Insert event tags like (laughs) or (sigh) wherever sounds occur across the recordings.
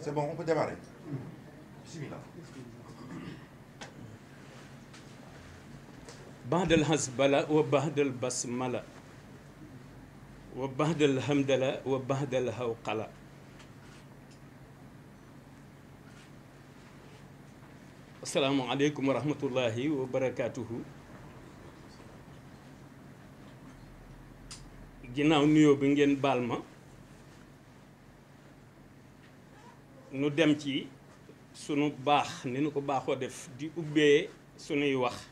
C'est bon, on peut démarrer. Bismillah. بعد الهزبلة وبعد البسملة وبعد الهمدلة وبعد الهوقلة Assalamualaikum warahmatullahi wabarakatuh. wa barakaatuhu ginnaaw balmah, bi ngeen balma. nu dem ci sunu bax ni nu ko baxo def di ubbe sunu wax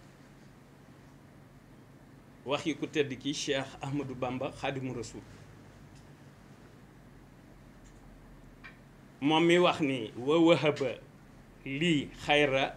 wax yi ku tedd ki Cheikh Ahmadou Bamba Khadimou Rasoul. Mom mi wax ni wa wahaba li khaira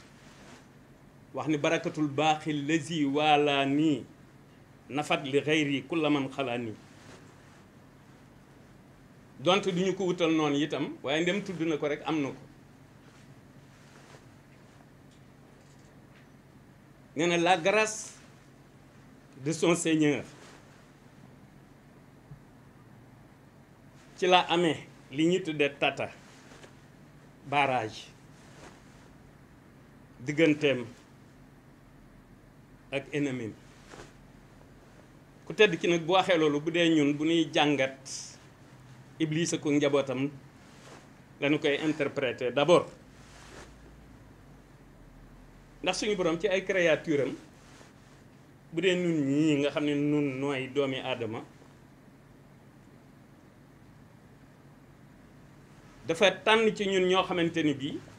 wax ni barakatul baaxi lazi waalaa nii nafat li xayri la man xalaat nii donte du ñu ko wutal noonu itam waaye ndem tudd na ko rek am na ko nee na la grâce de son Seigneur ci la amee li ñu tuddee tata barrage digganteem ak ennemin ku tedd ki nag bu waxee loolu bu dee ñun bu ñuy jàngat iblise ak njabootam lañu koy interpréter d'abord ndax suñu boroom ci ay créature am bu dee nun ñii nga xam ne nun nooy doomi aadama dafa tànn ci ñun ñoo xamante ni bii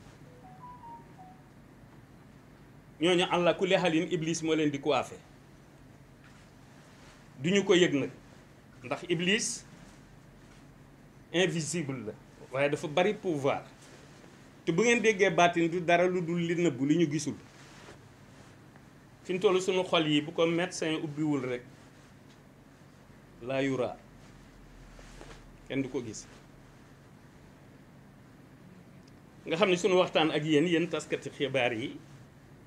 ñooñu àlla ku leexalin iblis moo leen di coiffé duñu ko yëg nag ndax iblis invisible la waaye dafa bari pouvoir te bu ngeen déggee baatin du dara lu dul li nëbbu li ñu gisul fi toll suñu xol yi bu ko médecin ubbiwul rek laa yura kenn du ko gis nga xam ne suñu waxtaan ak yéen yéen taskati xibaar yi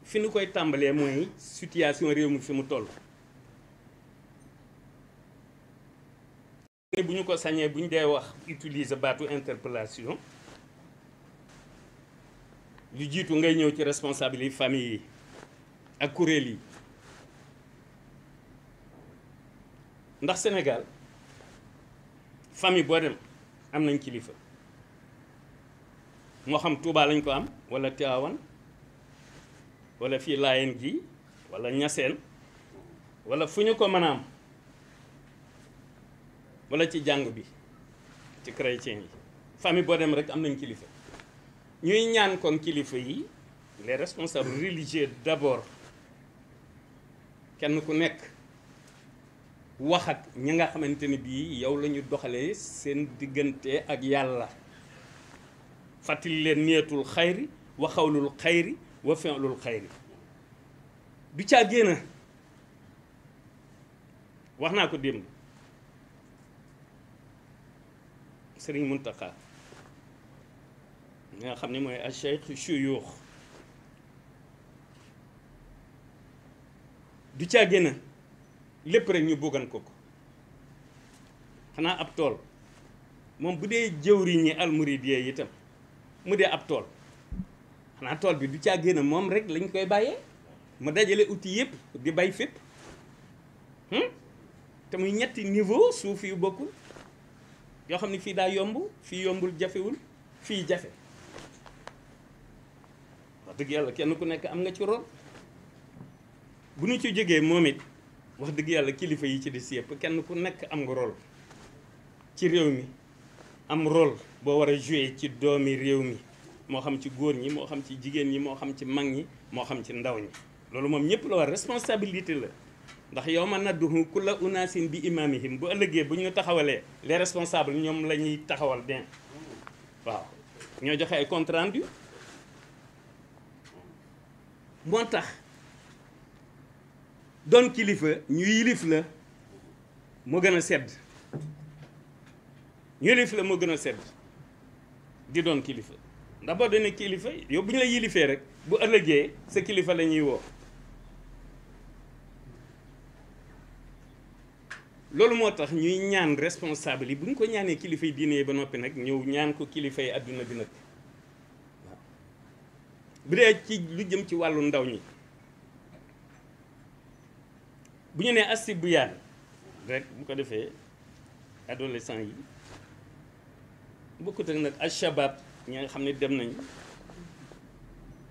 fi nu koy tàmbalee mooy situation réew mi fi mu toll. bu ko sañee buñ ñu dee wax utilise baatu interpellation lu jiitu ngay ñëw ci responsable yi famille yi ak kuréel yi ndax Sénégal famille boo dem am nañ kilifa moo xam Touba lañ ko am walla Tivaouane wala fi laayeen gi wala ñaseen wala fuñu ko mën am wala ci jang bi ci chrétien yi fami bo dem rek am nañ kilifa ñuy ñaan kon kilifa yi les responsables religieux d'abord kenn ku nekk wax ak ñi nga xamanteni sendigante yow lañu khairi, seen diggante ak yàlla leen xayri waxawlul xayri wa fi'lul xayri du càggee na wax naa ko démb sëriñ Muntaxa nga xam ni mooy al cheikh shuyuux du càggee na lépp rek ñu buggan ko ko xanaa ab tool moom bu dee jëwriñi almuridiya itam mu dee ab tool xanaa tool bi du caa na moom rek lañ koy bàyyee mu dajale uti yëpp di bay fépp hmm? te muy ñetti niveau suuf yu bokkul yoo xam ne fii daa yomb fii yombul jafewul fii jafe wax dëgg yàlla kenn ku nekk am nga ci rôle bu ñu ci jógee moom it wax dëgg yàlla kilifa yi ci des yëpp kenn ku nekk am nga ci réew mi am rôle boo war a joué ci doomi réew mi moo xam ci góor ñi moo xam ci jigéen ñi moo xam ci mag ñi moo xam ci ndaw ñi loolu moom ñëpp la war responsabilité la ndax yow ma nadduhu ku la unaasin bi imaamihim bu ëllëgee bu ñu taxawalee les responsables ñoom la ñuy taxawal bien waaw ñoo joxe ay compte rendu moo tax doon kilifa ñu yilif la moo gën a sedd ñu yilif la moo gën a sedd di doon kilifa d'abord il ne kilifa il bu ñu la yilifee rek bu ce kilifa la ñuy woo loolu ñuy ñaan responsable yi bu ñu ko ñaanee nous diine ba noppi nag ñëw ñaan ko fait, adduna bi nag waaw bu ci lu jëm ci ndaw ñi bu ñu rek bu ko de adolescent yi al ñi nga xam ne dem nañ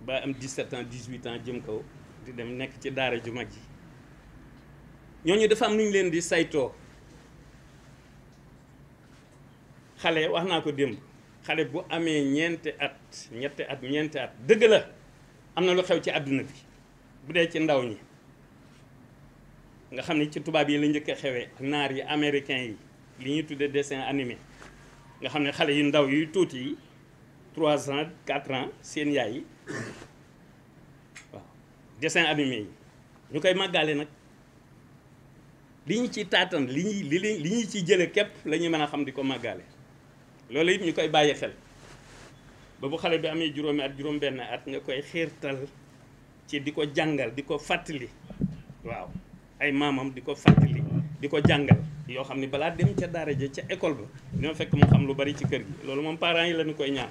ba am 17 ans huit ans jëm kaw di dem nekk ci daara ju mag ji ñooñu dafa am nu ñu leen di saytoo xale wax naa ko démb xale bu amee ñeenti at ñetti at ñeenti at dëgg la am na lu xew ci àdduna bi bu dee ci ndaw ñi nga xam ne ci tubaab yi la njëkk a xewee naar yi américain yi li ñuy tuddee dessin animé nga xam ne xale yu ndaw yi tuuti yi trois ans quatre ans seen yaay yi waaw dessin animé yi ñu koy màggaale nag li ñu ci taatan li ñuy li li ñu ciy jële képp la ñuy mën a xam di ko màggaale loolu it ñu koy bàyyi fel ba bu xale bi amee juróomi at juróom benn at nga koy xiirtal ci di ko jàngal di ko fàttali waaw ay maamam di ko fàttali di ko jàngal yoo xam ni balaa dem ca daara ja ca école ba ñoo fekk mu xam lu bari ci kër gi loolu moom parents yi lañu koy ñaan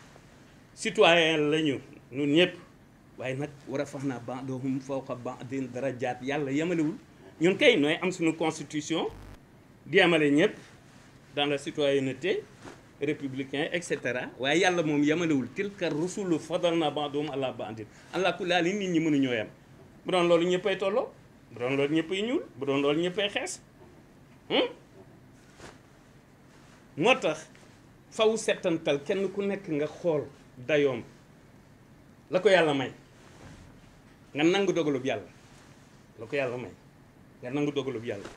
citoyen lañu ñun ñëpp waaye nag war a fax naa ban doohum fawqa ban dara jaat yàlla yemalewul ñun kay nooy am suñu constitution di yemale ñëpp dans la citoyenneté républicain et cetera waaye yàlla moom yemalewul tilka rusulu fadal na bandoom àla bandin àla ku laal nit ñi mënuñoo yem bu doon loolu ñëppay tolloo bu doon loolu ñëppay ñuul bu doon loolu ñëppay xees moo tax faw setantal kenn ku nekk nga xool dayoom la ko yàlla may nga nangu dogalub yàlla la ko yàlla may nga nangu dogalub yàlla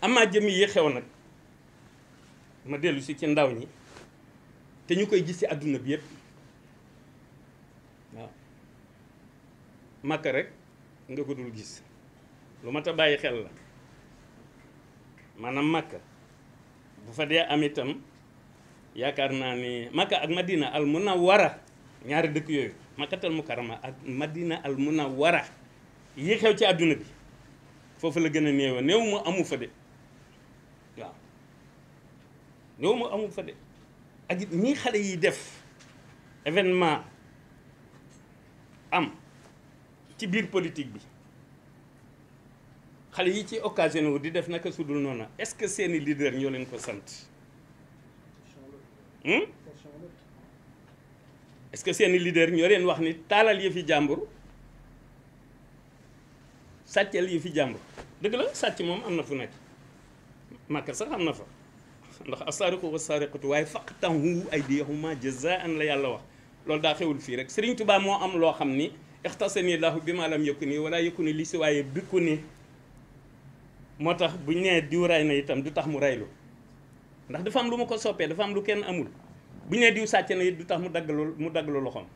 amaa jëmm yi xew nag ma dellu si ci ndaw ñi te ñu koy gis ci àdduna bi yépp waaw rek nga ko dul gis lu mat a bàyyi xel la maanaam màkk bu fa dee am itam yaakaar naa ni Makka ak Madina al Munawwara ñaari dëkk yooyu Makkatal Mukarrama ak Madina al Munawwara yi xew ci àdduna bi foofu la gën a néew néew mu amu fa de waaw néew mu amu fa de ak it ñii xale yi def événement am ci biir politique bi xale yi ci occasion wu di def naka su dul noonu est-ce que seeni leader ñoo leen ko sant hmm? est-ce que seeni leader ñoo leen wax ni taalal yi fi jàmbur sàccal yi fi jàmbur dëgg la sàcc moom am na fu nekk màkka sax am na fa ndax asaariqu wa saariqatu waaye faqtahu aydiyahuma jazaan la yàlla wax loolu daa xewul fii rek Serigne Touba moo am loo xam ni ixtasani lahu bi ma lam yëkku nii wala yëkku ni li si waaye bikku ni moo tax bu ñu nee diw ray na itam du tax mu raylu ndax dafa am lu ma ko soppee dafa am lu kenn amul bu ñu nee diw sàcc na it du tax mu dagg lu mu dagg lu loxoom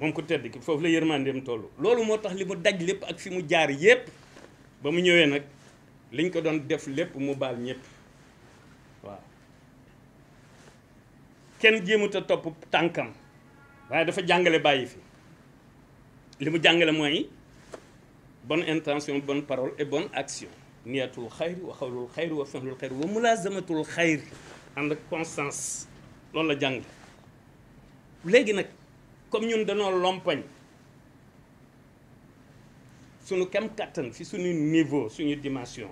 moom ko tedd ki foofu la yërmandeem tollu loolu moo tax li mu daj lépp ak fi mu jaar yépp ba mu ñëwee nag liñ ko doon def lépp mu baal ñépp waaw kenn jéemut a topp tànkam waaye dafa jàngale bàyyi fi li mu jàngale mooy bonne intention bonne parole et bonne action Niatul xayri wa tout le wa fihlul xayri wa mulazamatul tous les conscience la le comme ñun suñu fi suñu niveau suñu dimension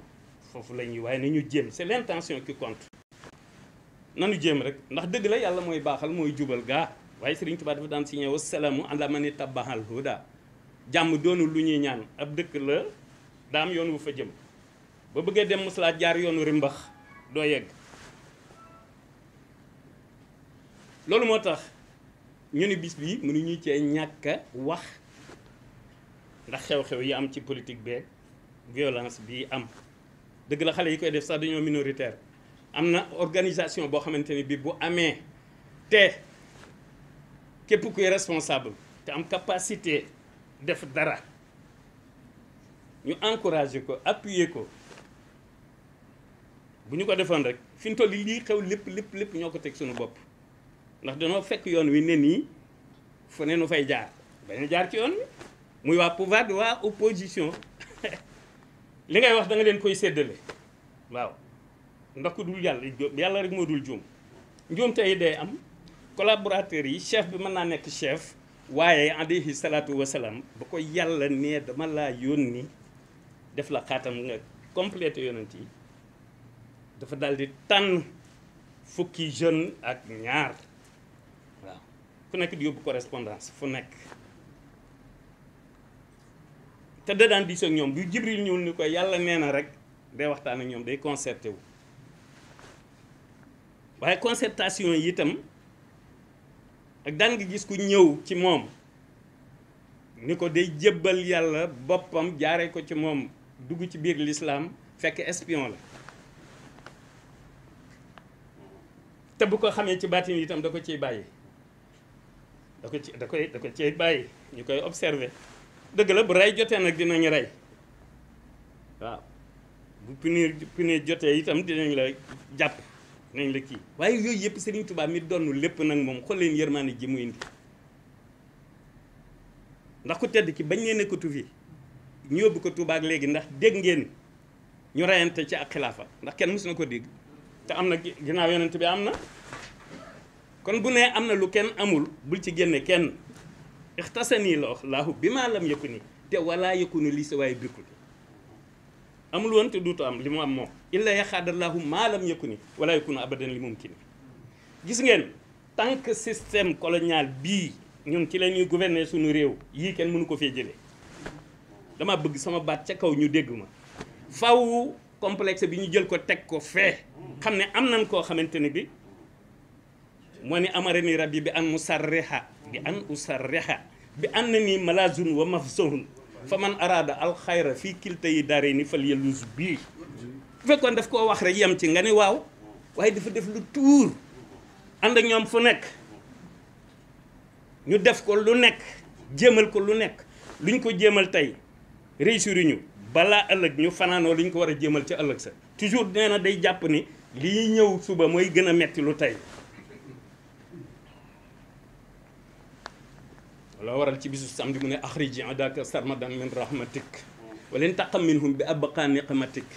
nous lañuy way nañu c'est l'intention qui compte Nous jëm rek ndax deug la Yalla moy dafa signé jàmm doonu lu ñuy ñaan ab dëkk la daam yoon wu fa jëm ba bëggee dem musalaa jaar yoonu rimbax doo yegg loolu moo tax ñu ni bis bi mënuñu cee ñàkk wax ndax xew-xew yi am ci politique beeg violence bi am dëgg la xale yi koy def sax dañoo minoritaire am na organisation boo xamante ni bi bu amee te képp kuy responsable te am capacité def dara ñu encouragé ko appuyer ko bu ñu ko defoon rek fi ñu toll lii xew lépp lépp lépp ñoo ko teg suñu bopp ndax danoo fekk yoon wi ne nii fa ne nu fay jaar dañu jaar ci yoon wi muy waa pouvoir di waa opposition (laughs) li ngay wax danga leen koy seddale waaw ndax ku dul yàlla yàlla rek moo dul juum njuum tey day am collaborateurs yi chef bi mën naa nekk chef waaye alayhi salaatu wasalaam bu ko yàlla nee dama laa yónni def la xaatam nga complété yonent yi dafa daal di tànn fukki jeune ak ñaar waaw ku nekk di yóbbu correspondance fu nekk te da daan diisoo ñoom bu Jibril ñëw ni ko yàlla nee na rek day waxtaan ak ñoom day concerté wu waaye concertation yi itam ak daan gis ku ñëw ci moom ni ko day jébbal yàlla boppam jaaree ko ci moom dugg ci biir lislaam fekk espion la te bu ko xamee ci baatin itam da ko ciy bàyyi da ko ci da koy da ko ciy bàyyi ñu koy observer dëgg la bu rey jotee nag dinañ rey waaw bu punir punir jotee itam dinañ la jàpp nañ la kii waaye yooyu yëpp Serigne Touba mi donn lépp nag moom xool leen yërmaane ji mu indi ndax ku tedd ki bañ nee nekkatu fi ñu yóbbu ko Touba léegi ndax dégg ngeen ñu reyante ci ak xilaafa ndax kenn mësu na ko dégg te am na ginnaaw yonent bi am na kon bu nee am na lu kenn amul bul ci génne kenn ixtasani la wax laahu bi maa lam yëkku nii te walaa yëkku ni lii sa waaye bikkul amul won te duutu am limu am mo illa yaxaadallahu maalam yakuni wala yakunu abadan li mumkin gis ngeen tank system colonial bi ñun ci lañuy gouverner suñu rew yi kenn mënu ko fi jëlé dama bëgg sama baat ca kaw ñu dégg ma faaw complexe bi ñu jël ko tek ko fee xam am nañ ko xamanteni bi moo ni amara ni rabbi bi an musarriha bi an usarriha bi an malazun wa mafsuhun fa man araada alxayra fii kilta yi dare ni fal yalus bii bu fekkoon daf koo wax rek yem ci nga ni waaw waaye dafa def lu tuur ànd ak ñoom fu nekk ñu def ko lu nekk jéemal ko lu nekk luñ ko jéemal tey réussir ñu balaa ëllëg ñu fanaanoo li ñu ko war a jéemal ci ëllëg sa toujours nee na day jàpp ni lii ñëw suba mooy gën a metti lu tey ولا waral ci bisu samedi mu ne akhriji adaka sarmadan min rahmatik walin taqam minhum bi abqa niqmatik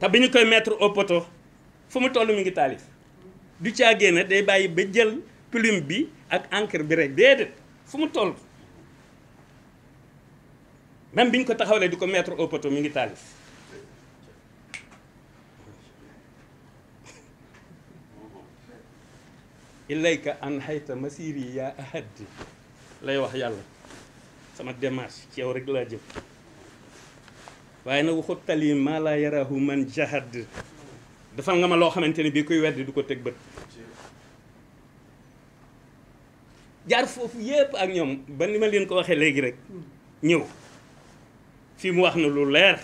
te bi ñu koy mettre au poteau fu mu toll mi ngi taalif du caagee na day bàyyi ba jël plume bi ak encre bi rek déedéet fu mu toll même bi ñu ko taxawalee di ko mettre au poteau mi ngi taalif ilayka an hayta masiri ya ahad lay wax yalla sama demas ci yow rek la jëf waaye nag waxut tali ma la yarahu man jahad defal nga ma lo xamanteni bi kuy du ko teg bët jaar fofu yépp ak ñom ba ni ma leen ko waxe legi rek ñew fi mu wax na lu leer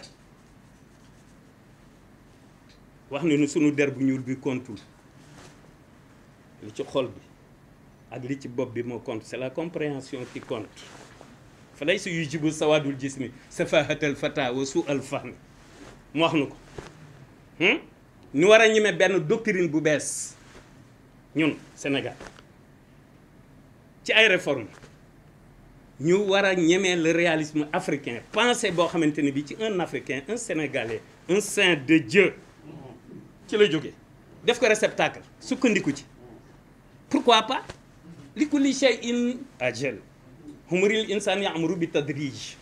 wax ni sunu der bu ñuul bi kontul li ci xol bi ak li ci bopp bi mo compte c'est la compréhension qui compte fa lay su yujibu sawadul jismi safahatul fata wa su'al al mo mu wax nu ko hmm? ñu war a ñeme doctrine bu bees ñun Sénégal ci ay réformes ñu wara a le réalisme africain pensée bo xamante bi ci un africain un sénégalais un saint de Dieu ci la jógee def ko réceptacle sukkandiku ci pourquoi pas li kulli shay'in ajal humril insan ya'muru bi tadrij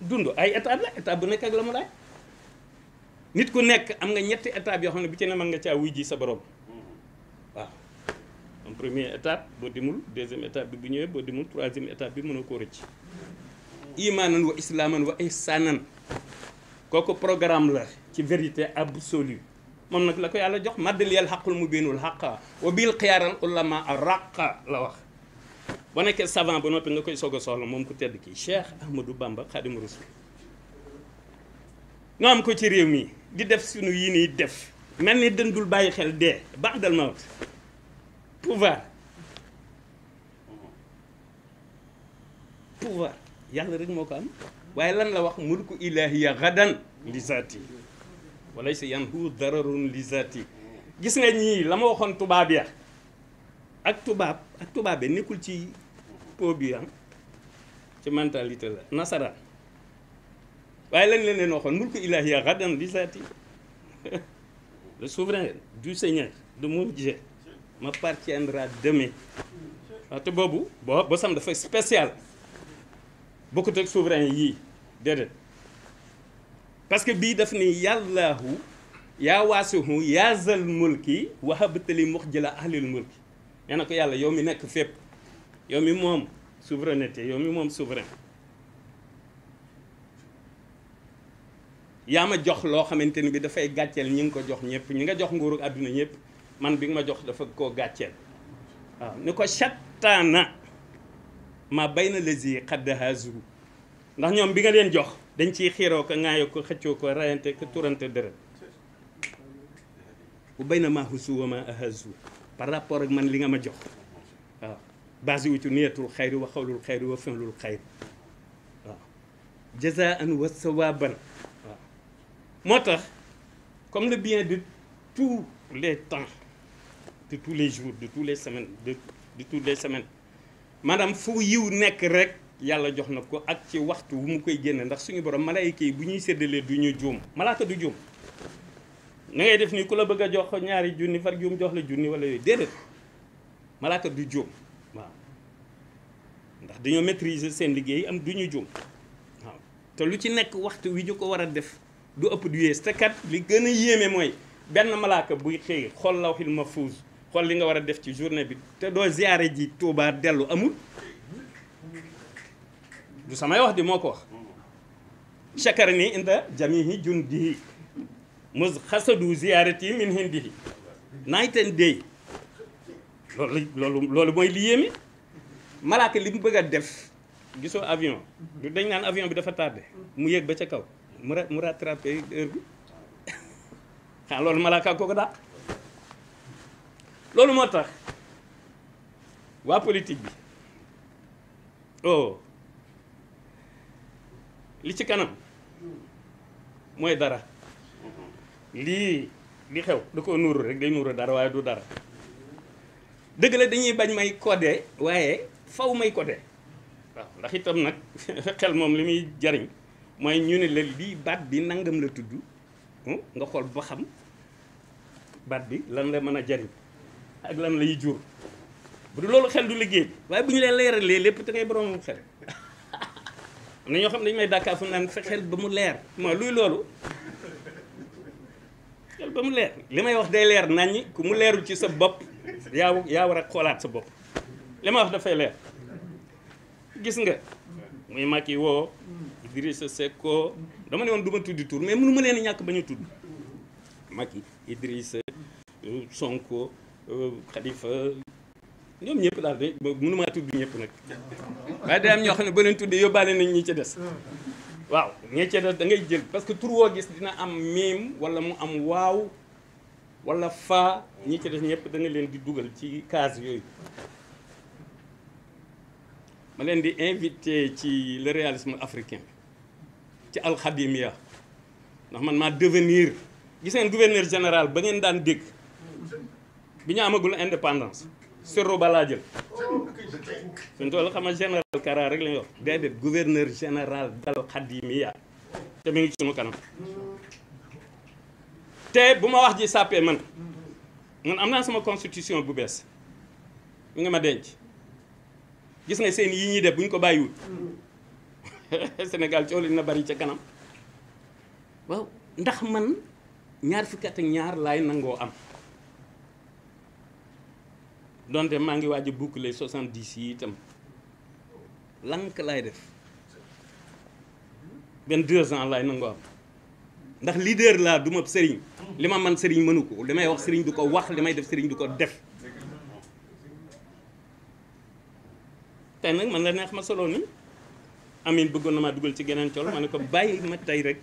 Dundo, ay étape la étape bu nekk ak lamu lay nit ku nek am nga ñetti étape yo xamne ne bu ci ne man nga ci wuy ji sa borom waaw en première étape bo dimul deuxième étape bi bu ñewé bo dimul troisième étape bi mënoo ko recc imanan wa islaman wa ihsanan koko programme la ci vérité absolue moom nag la ko yàlla jox maddal yel xaqul mu biinul xaqa wa bil xiyaaral ulama la wax boo nekkee savant ba noppi nga koy soog a soxla moom ku tedd kii Cheikh Ahmadou Bamba Xaadimu Rasuul noo am ko ci réew mi di def suñu yi nii def mel ni dëndul bàyyi xel dee ba'dal mawt pouvoir pouvoir yàlla rek moo ko am waaye lan la wax mulku ilahiya gadan li zaati wala si yan hu dararun lizati gis nga ñii lama ma waxoon tubaab ya ak tubaab ak tubaab ya nekkul ci po bi am ah, ci mentalité la nasaraan waaye lañ leen leen waxoon ilahi ilahiya gadan lizati (laughs) le souverain du seigneur de mon Dieu m'appartiendra demain waaw ah, te boobu bo bosam dafa spécial bokkut ak souverain yi, déedéet parce que bii daf ni yàllaahu yaa waasihu yaa zal mulki wahabtali muxjila ahlil mulki nee na ko yàlla yow mi nekk fépp yow mi moom souveraineté yow mi moom souverain yaa ma jox loo xamante ni bi dafay gàcceel ñi nga ko jox ñëpp ñi nga jox nguuru àdduna ñëpp man bi nga ma jox dafa koo gàcceel waaw ni ko chattaana ma bay na lesi xaddahazou ndax ñoom bi nga leen jox dañ ciy xiiroo ko ŋaayoo ko xëccoo ko rayante ko turante dërët bu bay na maa husu wa ma ahazu par rapport ak man li nga ma jox waaw base wu ci niyatul xayri wa xawlul xayri wa finlul xayri waaw jazaan wa sawaban moo tax comme le bien de tous les temps de tous les jours de tous les semaines de de toutes les semaines maanaam fu yiw nekk rek yàlla jox na ko ak ci waxtu wu mu koy génne ndax suñu borom malaayika yi bu ñuy séddalee du ñu juum malaaka du juum na def nii ku la bëgg a jox ñaari junni far juum jox la junni wala yooyu déedéet malaaka du juum waaw ndax dañoo maîtriser seen liggéey am du ñu juum waaw te lu ci nekk waxtu wi ñu ko war a def du ëpp du yées te kat li gën a yéeme mooy benn malaaka buy xëy xool ma mahfuus xool li nga war a def ci journée bi te doo ziyaare ji Tuubaa dellu amul samay wax di moo ko wax chakar ni inda jamihi jundihi mus xasadu ziyaarati min hindihi night and day loolu loolu mooy li yéeme malaaka li mu bëgg a def gisoo avion dañ naan avion bi dafa tardé mu yéeg ba ca kaw mu ra mu rattrapé heure bi xaa (laughs) ah, loolu malaaka kooku daa loolu moo tax waa politique bi oh li ci kanam mooy dara lii li xew da ko nuuru rek day nuuru dara waaye du dara dëgg la dañuy bañ may codé waaye faw may codé waaw ndax itam nag (laughs) xel moom li muy jariñ mooy ñu ne la lii baat bi nangam la tudd hmm, nga xool ba xam baat bi lan la mën a jariñ ak lan la lay jur bu loolu xel du liggéey waaye bu ñu leen leeralee lépp te ngay borom xel am na ñoo xam ne dañu may dàkkaa fu naan fexeel ba mu leer ma luy loolu fexeel ba mu leer li may wax day leer naññi ku mu leerul ci sa bopp yaa yaa war a xoolaat sa bopp li may wax dafay leer gis nga muy Macky woo Idrissa Seck woo dama ne woon du ma tuddi tur mais mënu ma leen ñàkk ba ñu tudd Macky Idrissa Sonko euh, Khalifa ñom ñepp daal de mënuma tuddu ñepp nak waaye day am ñoo xamne ne ba leen tuddee nañ ñi ci dess waaw ñi ci des da ngay jël parce que tur wo gis dina am miim wala mu am waaw wala fa ñi ci dess ñepp da nga leen di duggal ci case yoy ma leen di inviter ci le réalisme africain ci alxadimia ndax man ma devenir gis ngeen gouverneur général ba ngeen daan dégg bi ñu amagul indépendance sero balaa laa jël oh, suñ toll xam nga général Kara rek la ñu wax déedéet gouverneur général dal xadimiya te mu ngi sunu kanam te bu ma wax ji sàppee man man am naa sama constitution bu bees mi nga ma denc gis nga seen yi ñuy def buñ ko bàyyiwul (laughs) Sénégal coow li na bari ca kanam waaw ndax man ñaar fukki at ak ñaar laay nangoo am donte maa ngi waaj a boucler soixante yi itam lank lay def benn deux ans lay nangoo am ndax leader laa du ma sëriñ li ma man sëriñ mënu ko li may wax sëriñ du ko wax li may def sëriñ du ko def tey nag man la neex ma solo ni amine bëggoon na maa dugal ci geneen col ma ne ko bàyyi ma tey rek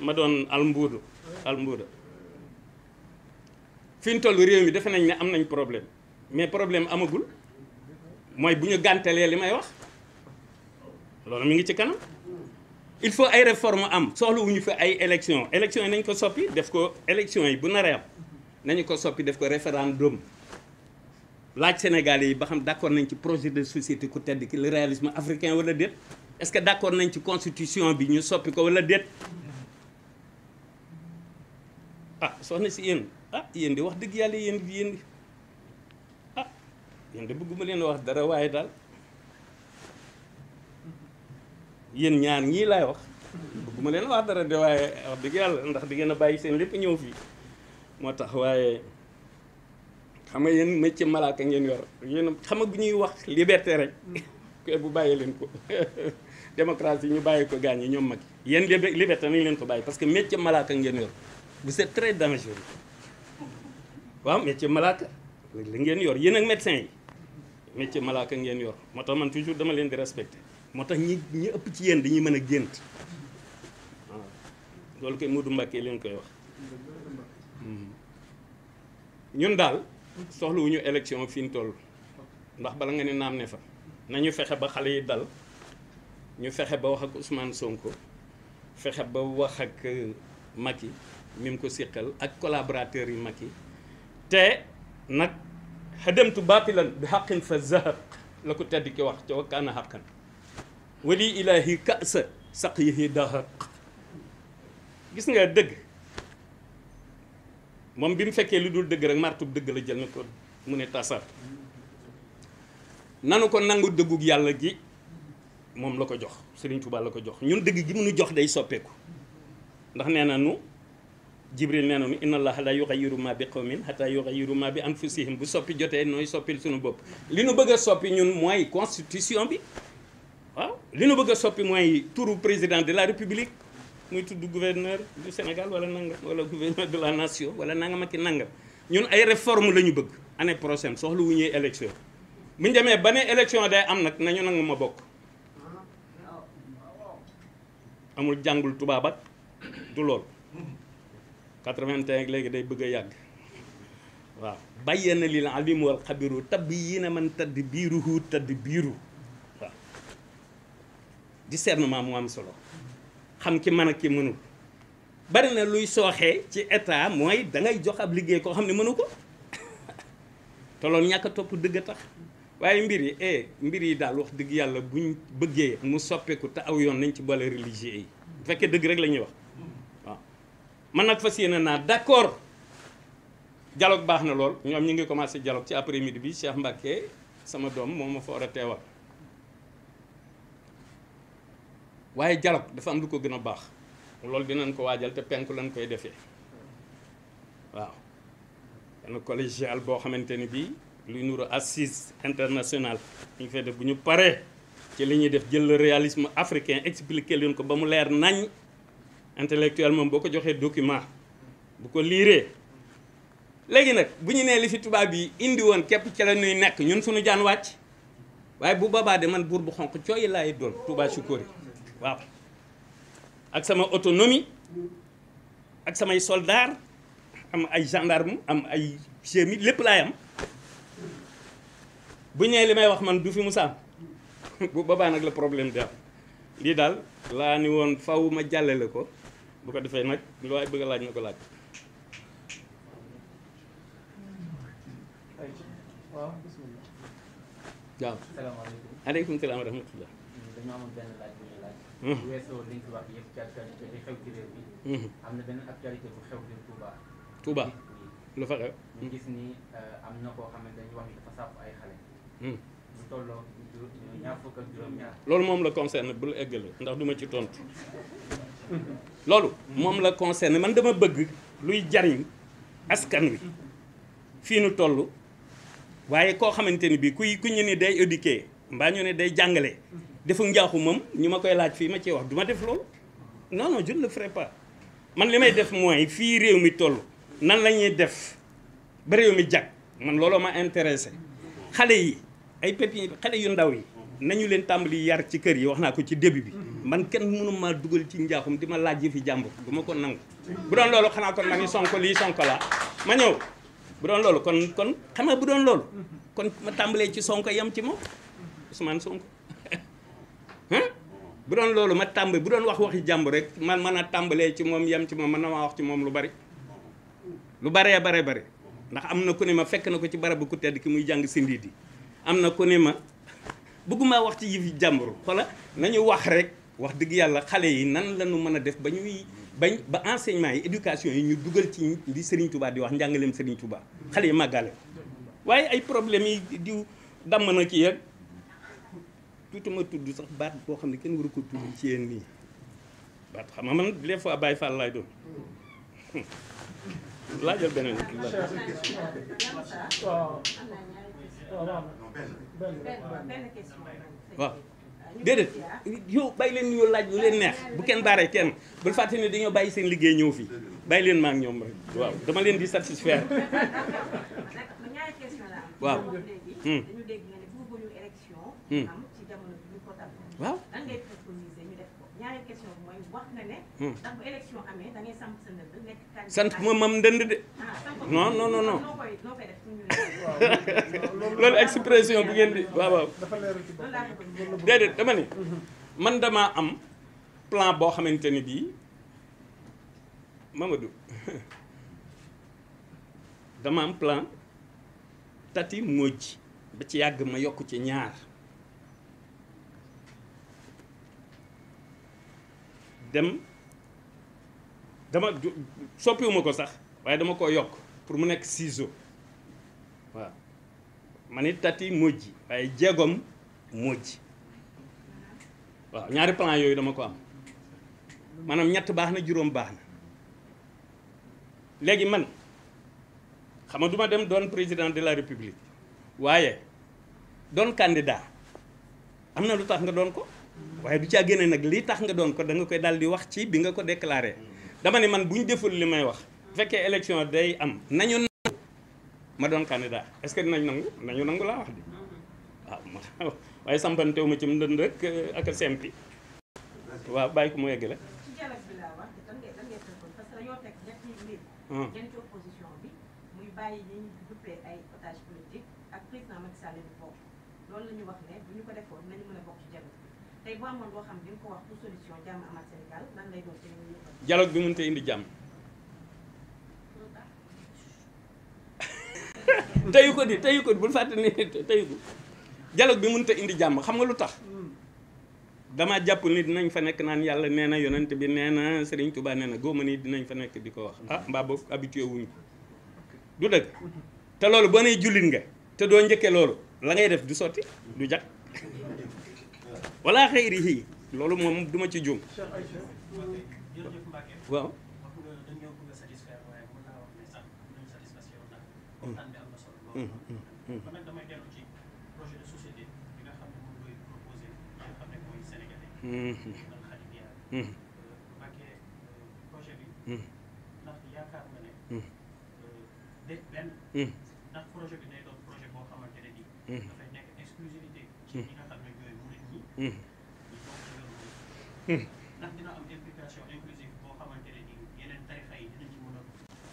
ma doon almbuudu almbuuda fiñ ñu toll réew mi defe nañ ne am nañ problème mais problème amagul moy buñu ñu limay wax lolu mi ngi ci kanam il faut ay réforme am wuñu fi ay élection élection nañ ko soppi def ko élection yi bu naree am nañ ko soppi def ko référendum laaj Sénégalais yi ba xam d'accord nañ ci projet de société ku tedd ki le réalisme africain wala déet est-ce que d'accord nañ ci constitution bi ñu soppi ko wala déet ah soxna si yeen ah yeen di wax dëgg yàlla yeen yeen yen de bëgguma leen wax dara waye dal yéen ñaar ñi lay wax bëgguma leen wax dara de waye wax dëgg yalla ndax di ngeen bayyi seen lepp ñew fi motax waye xama xam metti malaka ngeen yor yen xama bu ñuy wax liberté rek kër bu bayyi leen ko (laughs) démocratie ñu bayyi ko gañ ñom mak mag liberté nañ leen ko bayyi parce que metti malaka ngeen yor bu c'est très dangereux wa metti malaka li ngeen yor yen ak médecin métier malaaka ngeen yor motax man toujours dama leen di respecter motax ñi ñi ëpp ci yeen dañuy mëna gënt lolou kay Modou Mbacké leen koy wax hmm. ñun soxlu wuñu élection fiñ toll ndax bala nga ni naam ne fa nañu fexé ba xalé yi dal ñu fexé ba wax ak Ousmane Sonko fexé ba wax ak euh, Macky mim ko sikkal ak collaborateur yi Macky te nak xadamtu batilan bi xaqin fa zahab la ko tedd ki wax ca wa kaana xaqan wali ilaahi kasa saq yihi dahaq gis nga dëgg moom bi mu fekkee lu dul dëgg rek martub dëgg la jël na ko mu ne tasar nanu ko nangu dëggug yàlla gi moom la ko jox Sëriñ Tuubaa la ko jox ñun dëgg gi mënu jox day soppeeku ndax nee na nu jibril nee inna allaha la yughayyiru ma biqawmin hatta yughayyiru ma bi anfusihim bu soppi joté noy soppi sunu bop li nu bëgg soppi ñun moy constitution bi wa li nu bëgg soppi moy turu président de la république muy tuddu gouverneur du sénégal wala nangam wala gouverneur de la nation wala nangam ak nangam ñun ay réforme lañu bëgg année prochaine soxlu wu élection bu ñu demee ba élection day am nak nañu nangu ma bok amul jangul tubabat du 81 léegi day bëgg yag yàgg waaw bayyana lil alim wal khabiru tabiyina man tadbiruhu tadbiru waaw discernement moo am solo xam ki man ak ki mënu bari na luy soxé ci état moy da ngay jox ab liggéey ko (laughs) te loolu ñàkk dëgg tax waye mbir yi eh mbir yi dal wax dëgg yalla buñ bëggé mu soppeeku te aw yoon nañ ci bolé religieux yi rek lañuy wax man nag fas na d'accord dialog accord dialogue baax na lool ñoom ñu ngi commencé dialog ci après midi bi Cheikh Mbacké sama dom moma fa wara téwa waye dialog dafa am lu ko gëna bax lol dinañ ko waajal te penku lañ koy défé waaw ene collégial bo xamanteni bi bii luy nuru assise international ñu fay def bu ñu paree ci li def jël le réalisme africain expliquer leen ko ba mu leer nañ intellectuel moom boo ko joxee document bu ko liiree léegi nag bu ñu nee li fi tubaab yi indi woon képp ca la nuy nekk ñun suñu jaan wàcc waaye bu boobaa de man buur bu xonq cooy laay doon Touba Choukouri waaw ak sama autonomie ak samay soldat am ay gendarme am ay gémi lépp laay am bu ñëwee li may wax man du fi Moussa (laughs) bu boobaa nag la problème di am lii daal laa ni woon faw ma jàllale ko bu ko defee nag lu waaye bëgg laaj na ko laaj waaw aleykum salaam wa rahmatullah mm, dañu amoon benn laaj bu ñuy laaj bu mm. weesoo liñ fi mm. am na benn actualité bu xew ci Touba lu fa xew ñu gis uh, am na koo xam ne dañu wax ni dafa sàpp ay xale loolu moom la concerne bul eggale ndax duma ci tontu loolu moom la concerné man dama bëgg luy jariñ askan wi fii nu toll waaye koo xamante ni bii kuy ku ñu ne day éduquer mbaa ñu ne day jàngale defu njaaxu moom ñu ma koy laaj fii ma ciy wax du ma def loolu non non je ne pas man li may def mooy fii réew mi toll nan la ñuy def ba réew mi jag man looloo ma intéressé xale yi ay pépinière xale yu ndaw yi nañu leen tàmbali yar ci kër yi wax naa ko ci début bi man kenn mënu maa dugal ci njaaxum di ma laaj yëfi jàmbur du ma ko nangu bu doon loolu xanaa kon ma ngi sonko lii sonko laa ma ñëw bu doon loolu kon kon xanaa bu doon loolu kon ma tàmbalee ci sonko yam ci moom Ousmane Sonko (laughs) bu doon loolu ma tàmb bu doon wax waxi jàmbur rek man mën a tàmbalee ci moom yem ci moom mën na maa wax ci moom lu bari lu baree bare bari ndax am na ko ne ma fekk na ko ci barab bu ku tedd ki muy jàng sindiit yi am na ku ne ma bëgguma wax ci yif jambour jàmbur nañu wax rek wax deug yalla xalé yi nan lañu mëna def bañuy bañ ba enseignement yi éducation yi ñu duggal ci li Serigne Touba di wax njàngaleem Serigne Touba xalé yi màggale waye ay problème yi di dam na kii ak tuutuma tuddu sax baat bo xamni kenn waru ko tuddu ci yeen ni baat xam man les fois Baye Fall jël benen (laughs) laajal la waaw déedéet yow bàyyi leen ñu laaj lu leen neex bu kenn baaree kenn bul fàtte ne dañoo bàyyi seen liggéey ñëw fii bàyyi leen ma ñoom rek waaw dama leen di satisfaire waaw. Hmm. Hmm. Hmm. waaw. Kan, eh? hmm. eh? sant mo mam ndënd de. non non non non. lol expression bu ngeen di wa wa déedéet dama ni man dama am plan bo xamanteni bi Mamadou (laughs) dama am plan tati moo ba ci yag ma yok ci ñaar. dem dama soppiwuma ko sax waaye dama ko yokk pour mu nekk ciseau waaw ma tati moji waaye moji waaw ñaari plan yooyu dama ko am maanaam ñett baax na juróom baax man xama duma dem président de la république waaye doon candidat am na nga doon waaye du caa génne nag li tax nga doon ko danga koy daal di wax ci bi nga ko déclaré. dama ne man bu ñu deful li may wax bu fekkee élection day am nañu nangu ma doon candidat est-ce que dinañ nangu nañu nangu laa wax di ah, (laughs) waaye sampantewu ci mu dënd rek euh, ak sempi waaw tey boo amoon loo xam ne di nga ko wax pour bi mënut a indi jàmm. (laughs) teyu di teyu di bul fàtte ne teyu ko bi mënut a indi jàmm xam nga lu tax. Hmm. damaa jàpp ni dinañ fa nekk naan yàlla nee na yonent bi nee na Serigne Touba nee na góoma nii dinañ fa nekk di ko wax ah mbaa boobu habitué wuñ ko du dëgg te loolu boo nee jullit nga te doo njëkkee loolu la ngay def du sotti du jag. wala xayrihi loolu moom duma ci juum waaw ndax projet bi day doon projet boo xamante ne nii dafay nekk exclusivité ndax dina am implication inclusive boo xamante ne ni yeneen tarixa yi dinañ ci mën a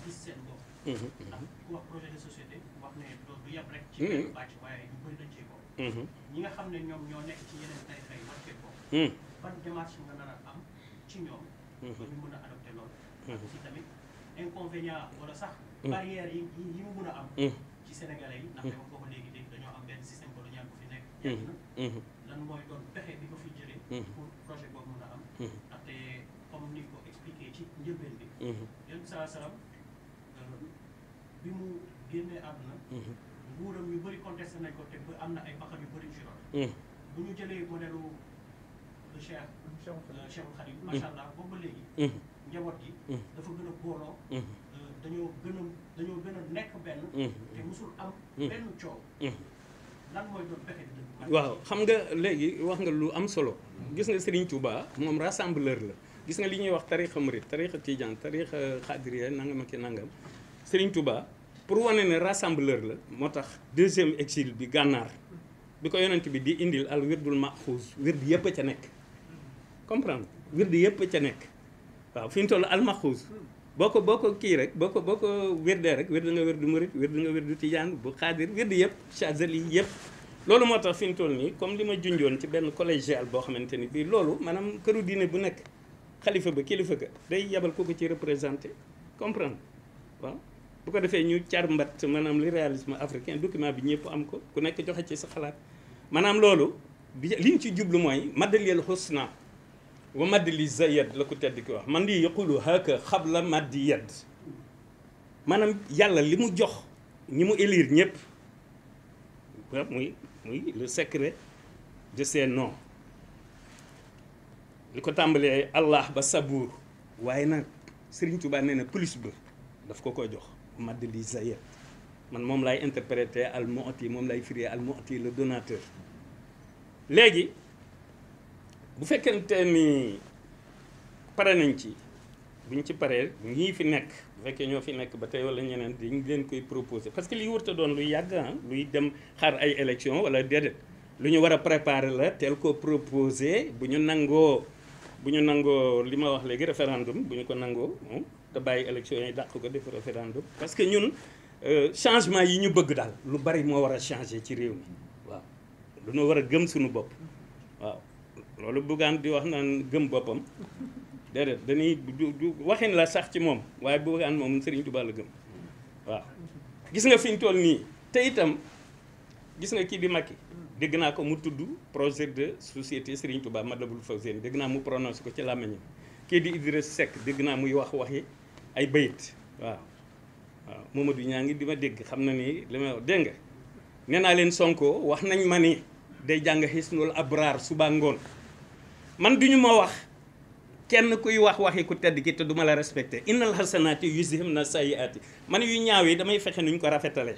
gis seen bopp. ndax ku wax projet de société wax ne loolu du yem rek. ci benn bàcc waaye ñu bëri dañ cee bopp. ñi nga xam ne ñoom ñoo nekk ci yeneen tarixa yi war cee bopp. ban démarche nga nar a am ci ñoom. ba ñu mën a adopté loolu. tamit inconvénient wala sax. barrière yi yi mu mën a am. ci Sénégalais yi ndax dama ko léegi léegi dañoo am benn système colonial bu fi nekk. lan mooy doon pexe bi ko fi jëlee. Mhm. pour projet boobu mën a am. Mhm. ndaxte comme ni ko expliqué ci njëlbeen bi. yéen saa salaam bi mu génnee àdduna. Mhm. nguuram yu bëri contesté nañ ko te ba am na ay bakkan yu bëri ci loolu. bu ñu jëlee modèle lu Cheikh. Cheikhul Khadim euh, macha allah boobu léegi. njaboot gi. dafa gën a booloo. Euh, dañoo gën a dañoo gën a nekk benn. te musul am benn coow. waaw xam nga léegi wax nga lu am solo gis nga Serigne Touba moom rassembleur la gis nga li ñuy wax tarixa murit tarixa tijaan tarixa xaadiriya nangam ak nangam Serigne Touba pour wane ne rassembleur la moo tax deuxième exil bi gànnaar bi ko yonent bi di indil al wirdul maxuus wird yëpp a ca nekk comprendre wird yëpp a ca nekk waaw fi ñu toll al maxuus boo ko boo ko kii rek boo ko boo ko wérdee rek wérdi nga wérdu wér wérdi nga wérdu tijaan bu xaadir wérdi yëpp chazeli yëpp loolu moo tax fi mu toll nii comme li ma junjoon ci benn collégial boo xamante ni bii loolu maanaam këru diine bu nekk xalifa ba kilifa ga day yabal ko ko ci représenté comprendre waaw bu ko defee ñu car mbat maanaam li réalisme africain document bi ñëpp am ko ku nekk joxe ci sa xalaat maanaam loolu bi li ñu ci jublu mooy madaliyal husna ومد لي زيد la ko tedd ki wax man di yaqulu haka xabla maddi yedd maanaam yàlla li mu jox ñi mu élire ñëpp muy muy le secret de ses noms li ko tàmbalee allah ba sabuur waaye nag Serigne Touba nee na plus ba daf ko ko jox madd li zayed man moom laay interpréter al mu'ti moom lay firi al mu'ti le donateur léegi bu fekkente ni pare nañ ci buñ ci paree ñii fi nekk bu fekkee ñoo fi nekk ba tey wala ñeneen dañ leen koy proposer parce que lii wërta doon luy yàgg ah luy dem xaar ay élection wala déedéet lu ñu war a préparer la teel ko proposer bu ñu nangoo bu ñu nangoo li ma wax léegi référendum bu ñu ko nangoo te bàyyi élection yi dàq ko def référendum parce que ñun euh, changement yi ñu bëgg daal lu bari moo war a changer ci réew mi waaw lu ñu war a gëm suñu bopp Lalu bukan di wax nan gem bopam dede dañuy waxin la sax ci moom waaye buggaan mom Serigne Touba la gem wa gis nga fiñ ñu toll nii te itam gis nga ki bi makki dégg na ko mu tuddu projet de société Serigne Touba Madlabul na mu prononcer ko ci lamagne ki di Idriss sek dégg na muy wax waxi ay bayit wa waaw Mamadou ñaa di ma ni lima may wax dégg nga nee len Sonko wax nañ ma day jang hisnul abrar suba man ñu ma wax kenn kuy wax waxi ku tedd ki te duma la respecté na hasanaati at sayyi'aati man yu ñaaw yi damay fexe nuñ ko rafetalee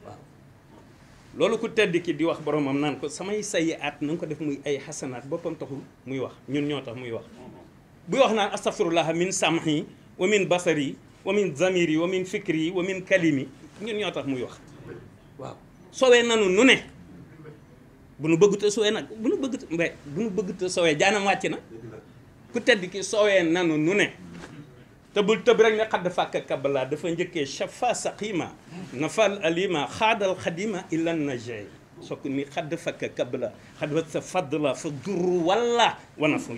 waaw loolu ku tedd ki di wax boromam naan ko samay sayyi'aat at nga ko def muy ay hasanaat boppam taxul muy wax ñun ñoo tax muy wax buy wax naan astaghfirullaha min sam'i wa min basari wa min zamiri wa min fikri wa min kalimi ñun ñoo tax muy wax waaw sowee nanu nu ne bunu bëgg ta suwe nak bunu bëgg bëggut mbay bu nu bëggut sowe jaanam na ku tedd ki sowe nanu nu ne tebul teb rek ne fa ka dafa ñëkke shafa saqima nafal alima al khadima illa najay sokku mi xadd fàkk kabala xad wat sa fa duru walla wana nafu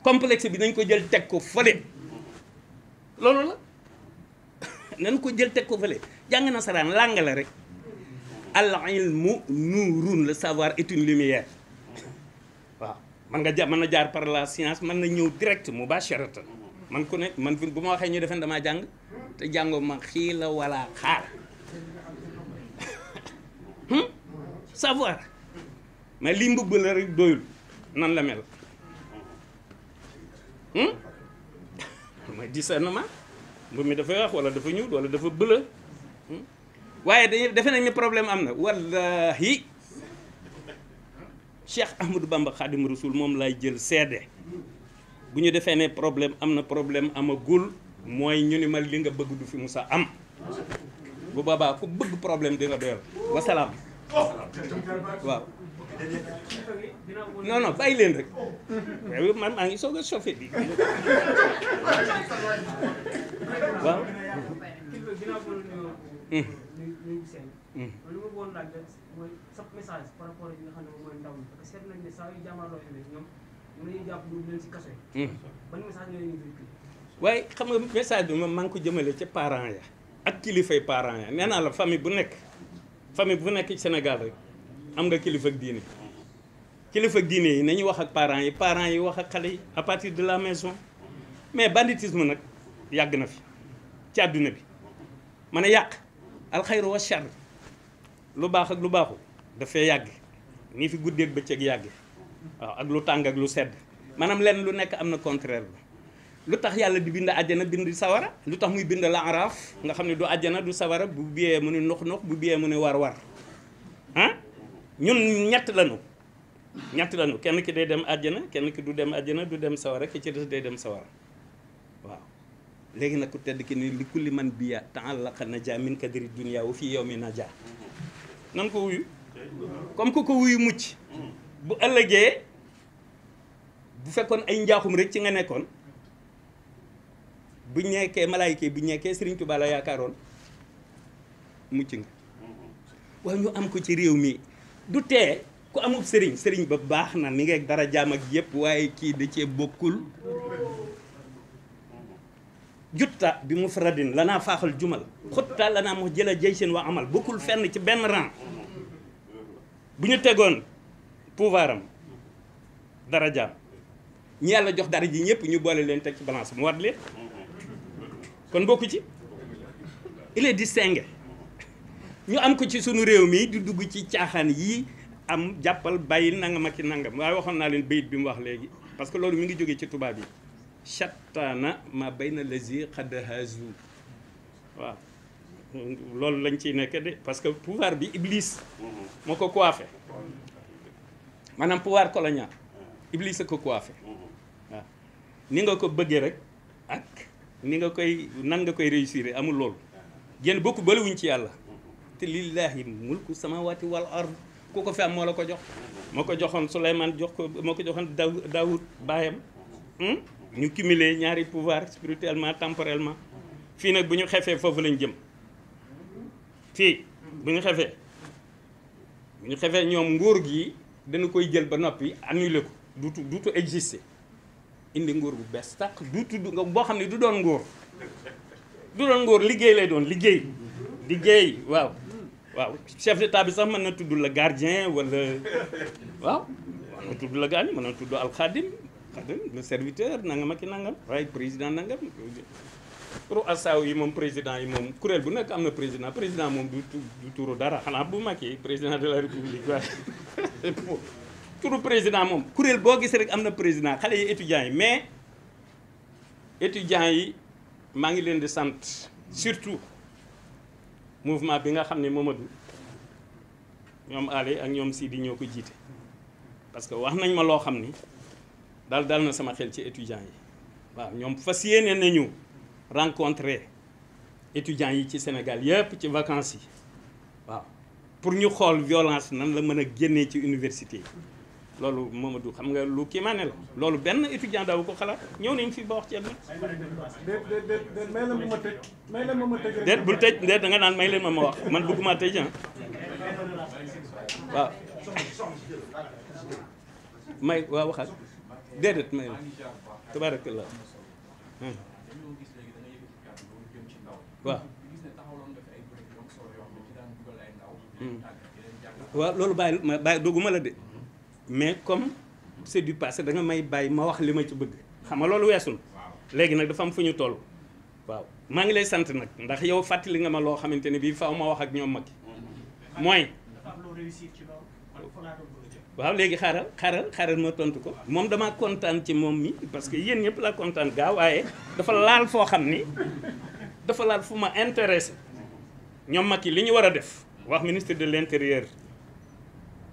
kompleks complexe bi dañ ko jël tek ko fele lolu la (laughs) nan ko jël tek ko rek al-ilmu nurun le savoir est une lumière wa man nga man na jaar par la science man na ñew direct mubasharatan man ku ne man bu ma waxe ñu defen dama jang te jàngoo ma xila wala xaar (laughs) hmm savoir mais li mbubb la rek doyul nan la mel hmm (laughs) mooy discernement bu mi dafa wax wala dafa ñuul wala dafa bëla waye dañuy defe nañ ne problème amna wallahi Cheikh Ahmadou Bamba Khadim Rasoul mom lay jël cédé buñu ñu né problème amna problème amagul moy ñu ni mal li nga bëgg du fi musa am bu baba ku bëgg problème di nga doyal salam waaw non non bay leen rek man ma ngi soga chauffer bi waaw hmm. ñuy mm. ñuy sa message par rapport ak yi nga xam mm. waaye xam nga message bi ma maa ko jëmale ca parent ya ak kilifay parent ya nee naa la famille bu nekk famille bu nekk Sénégal rek am nga kilifa ak diine kilifa ak diine yi nañu wax ak parents yi parents yi wax ak xale yi à partir de la maison mais banditisme nag yàgg na fi ci àdduna bi mën a yàq. alxayru wa lu baax ak lu baaxu dafay yàgg nii fi guddeeg bëccëg yàgg waaw ak lu tàng ak lu sedd maanaam lenn lu nekk am na contraire bi lu tax yàlla di bind àjjana bind sawara lu tax muy bind la nga xam ne du àjjana du sawara bu biyee mu ne nux nux bu biyee mu ne war war ah ñun ñett lanu ñett lanu kenn ki day dem àjjana kenn ki du dem àjjana du dem sawara ki ci des day dem sawara léegi nag ku tedd ki ni li kulli man biya ta'allaqa naja min kadri dunya wa fii yawmi naja nan ko wuyu comme ku ko wuyu mucc bu ëllëgee bu fekkoon ay njaaxum rek ci nga nekkoon bu ñekkee malaayika yi bu ñekkee Sëriñ Tuubaa la yaakaaroon mucc nga waaye ñu am ko ci réew mi du tee ku amub sëriñ sëriñ ba baax na mi ngeeg dara jaam ak yëpp waaye kii da cee bokkul jutta bi mufradin lana faaxal jumal khutta lana mu jela jeysen wa amal bokul fenn ci ben rang buñu ñu pouvoiram daraja am ñi yàlla jox daraji ñepp ñu bolé leen tek ci balance mu kon bokku ci il est distingué ñu am ko ci suñu réew mi di dugg ci tiaxan yi am jappal bàyyi nangam ak nangam way waxon na leen bayit bi mu wax legi parce que lolu mi ngi joggé ci bi chattaana ma bayna lazi xadd hazu waaw loolu lañ ciy nekk de parce que pouvoir bi Iblis moo ko coiffé maanaam pouvoir colonial Iblis a ko coiffé waaw ni nga ko bëggee rek ak ni nga koy nan nga koy réussir amul loolu génn bokk balewuñ ci yàlla te lillahi mulku samawati wal ard ku ko fi am moo la ko jox moo ko joxoon Souleymane jox ko moo ko joxoon Daoud Daoud baayam hmm? ñu cumuler ñaari pouvoir spirituellement temporellement fii nag bu ñu xefee foofu lañu jëm fii bu ñu xefee bu ñu xefee ñoom nguur gi dana koy jël ba noppi annulé ko duutu duutu exister indi nguur bu bees tàq duutu du boo xam ne du doon nguur du doon nguur liggéey lay doon liggéey liggéey waaw waaw chef d'état bi sax mën na tudd la gardien wala waaw mën na tudd la gardien mën na tudd alxadim le serviteur nangam ak nangam waaye président nangam Pro assaw yi moom président yi moom kurel kan bu nekk (laughs) am na président président moom du du turu dara xanaa bu maki président de la république waaye turu président moom kurel boo gis rek am na président xale yi étudiants yi mais étudiants yi maa ngi leen di sant surtout mouvement bi nga xam ne Mamadou ñoom ak Sidi parce que wax nañ ma dal dal na sama xel ci étudiants yi waaw ñom fas yéene nañu rencontrer étudiants yi ci Sénégal yépp ci vacances yi waaw pour ñu xol violence nan la mëna génné ci université lolu Mamadou xam nga lu kii maa ne la loolu benn étudiant da ko xalaat ñew nañ fi ba ci at mi. may leen ma tëj may la ma tëj déet bul tëj déet da nga naan may leen ma wax man bëgguma tëj ah waaw may waaw waxaat. déedéet may tabarakallah hmm. waaw hmm. waaw loolu bàyyi ma bàyyi dogguma la de mais comme c'est du passé da may bàyyi ma wax li ma ci bëgg xam nga loolu weesul léegi nag dafa am fu ñu toll waaw maa ngi lay sant nag ndax yow fàttali nga ma loo xamante ne bii faaw ma wax ak ñoom mag mooy waaw léegi xaaral xaaral xaaral ma tontu ko moom dama kontaan ci moom mi parce que yéen ñëpp la kontaan gaa waaye dafa laal foo xam ni dafa laal fu ma intéressé ñoom mag yi li ñu war a def wax ministre de l' intérieur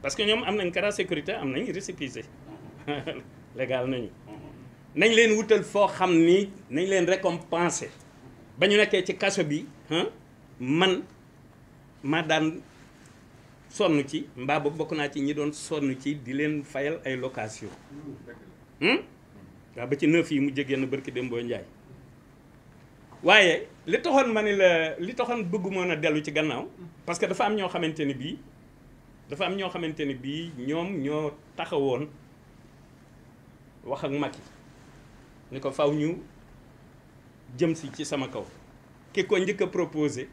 parce que ñoom am nañ cara sécurité am nañ récépissé (laughs) légal nañu nañ leen wutal foo xam ni nañ leen récompenser ba ñu nekkee ci kaso bi man ma daan sonn ci mbaa boog bokk naa ci ñi doon sonn ci di leen fayal ay location hmm? waaw ba ci neuf yi mu jege na barki Dembo Ndiaye waaye li taxoon ma ni la li taxoon bëggumoon a dellu ci gannaaw parce que dafa am ñoo xamante ni bii dafa am ñoo xamante ni bii ñoom ñoo taxawoon wax ak Macky ni ko faw ñu jëm si ci sama kaw ki ko njëkk a proposé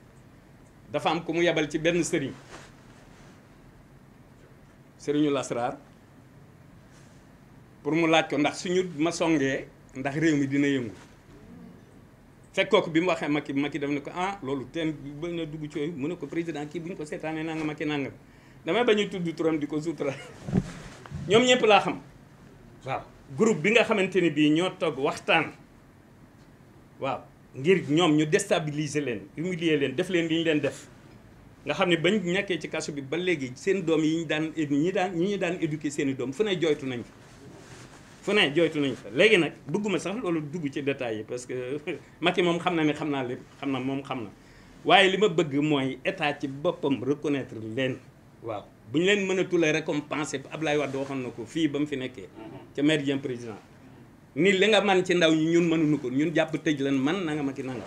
dafa am ko mu yebal ci benn sëriñ serigne lasrar pour mu laaj ko ndax suñu ma songé ndax réew mi dina yëngu fekk bi mu waxé ko ah loolu ten bañ na dugg cooy mu ne ko président ki buñ ñu ko seetaanee nangam ak nangam damay bañu tudd turam di sutra (laughs) ñom ñepp la xam waaw groupe bi nga xamanteni bi ño tok waxtaan waaw ngir ñom ñu déstabiliser leen humilier leen def liñ def nga xam ne bañ nekkee ci kaso bi ba léegi seen doom yi ñu daan ñi daan ñi ñu daan éduquer seen doom fu ne jooytu nañ fa fu ne jooytu nañ fa léegi nag bëgguma sax loolu dugg ci détails yi parce que (laughs) Macky moom xam na ni xam naa lépp xam na moom xam na waaye li ma bëgg mooy état ci boppam reconnaître leen waaw bu ñu leen mënatul a récompenser Ablaye Wade xam na ko fii ba mu fi nekkee ca méridien président ni li nga man ci ndaw ñi ñun mënuñu ko ñun jàpp tëj leen man na nga ma nanga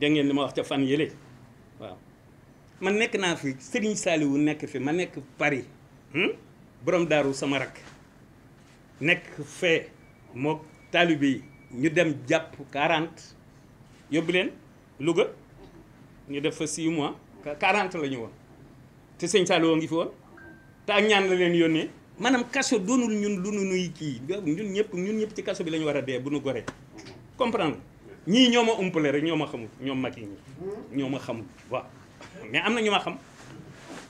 dégg ngeen li ma wax ca fan yële waaw man nekk naa fi Serigne Saliou nekk fi ma nekk Paris hmm? borom daaru sama rakk nekk fee mook taalibe yi ñu dem jàpp 40 yóbbu leen Louga ñu def fa 6 mois 40 la ñu te sëñ woo ngi fi woon te ak ñaan la leen yónnee maanaam kaso doonul ñun lu nu nuy kii ñun ñëpp ñun ñëpp ci kaso bi lañu war a dee bu nu goree comprendre ñi ñoma ma rek ñoma ma xamul ñoom mag yi ñoma ma xamul wa mais amna ñuma ma xam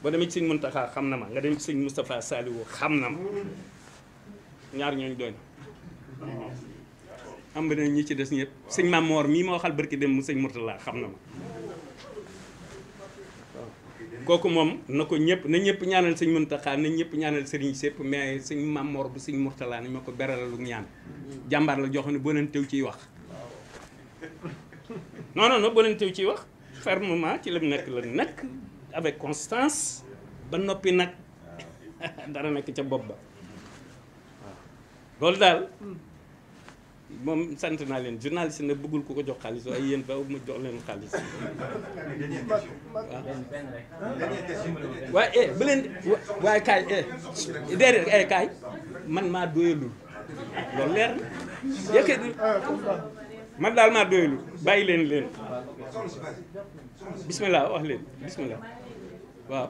ba dem ci seigne muntaha xam na ma nga dem ci seigne mustapha salih xam na ma ñaar ñooñu doon am ba ñi ci des ñëpp sëñ mor mi ma waxal barki dem mu seigne Murtala xam na ma koku mom nako ko na ñëpp ñaanal seigne muntaha na ñëpp ñaanal sëriñ sepp mais sëñ mor bu seigne Murtala ni ma ko beralalu ñaan jambar la joxone ne boo leen teew wax (laughs) non non non boneen tew ciy wax fermement ci lam nekk la nekk avec constance ba noppi nag (laughs) dara nekk ca bopp ba loolu daal moom sant naa leen journaliste na bëggul ku ko jox xaalis waaye yéen mu jox leen xaalis eh, bu leen waaye kaay eh déedéet eh kaay man maa doyalul loolu leer na yëkkati man daal maa doylu bàyyi leen leen bismillah wax leen bismillah waaw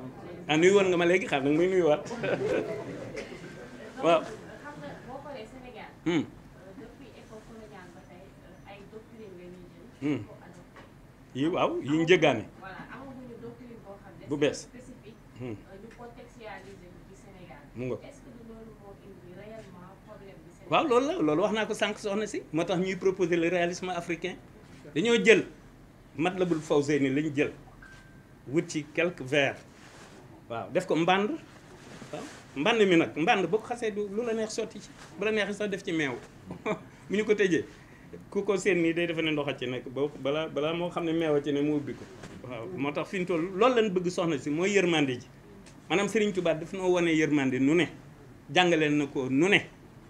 ah nuyu woon nga ma léegi xam nga muy nuyuwaat waaw. Hmm. Hmm. yi waaw yi ñu bu bees hmm. mu nga waaw loolu la loolu wax naa ko sànq soxna si moo tax ñuy proposé le réalisme africain dañoo jël mat Matlabul ni lañu jël wut ci quelques ver waaw def ko mbànd waaw mbànd mi nag mbànd boo ko xasee du lu la neex sotti ci bu la neex sax def ci meew (laughs) bu ñu ko tëjee ku ko seen nii day defe ne ndoxa ci nekk ba balaa balaa moo xam ne meewa ci ne mu ubbi ko waaw moo tax fi ñu toll loolu lañ bëgg soxna si mooy yërmande ji maanaam Serigne Touba daf noo wane yërmande nu ne jàngaleen na ko nu ne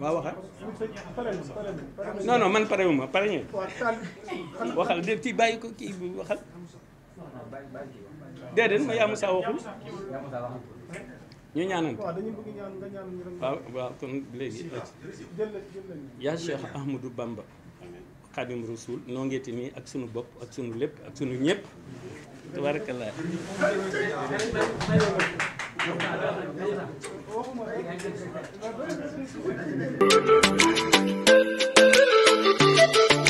waaw waxal non man pare wu ma pare ñu waxal de kii bàyyi ko kii waxal déedéet ma yaamu saa waxul ñu ñaanante waaw waaw kon léegi yaa Cheikh Ahmadou Bamba Xadim Rasul noo ngeeti nii ak sunu bopp ak sunu lépp ak sunu ñëpp tabarakallah Thank you.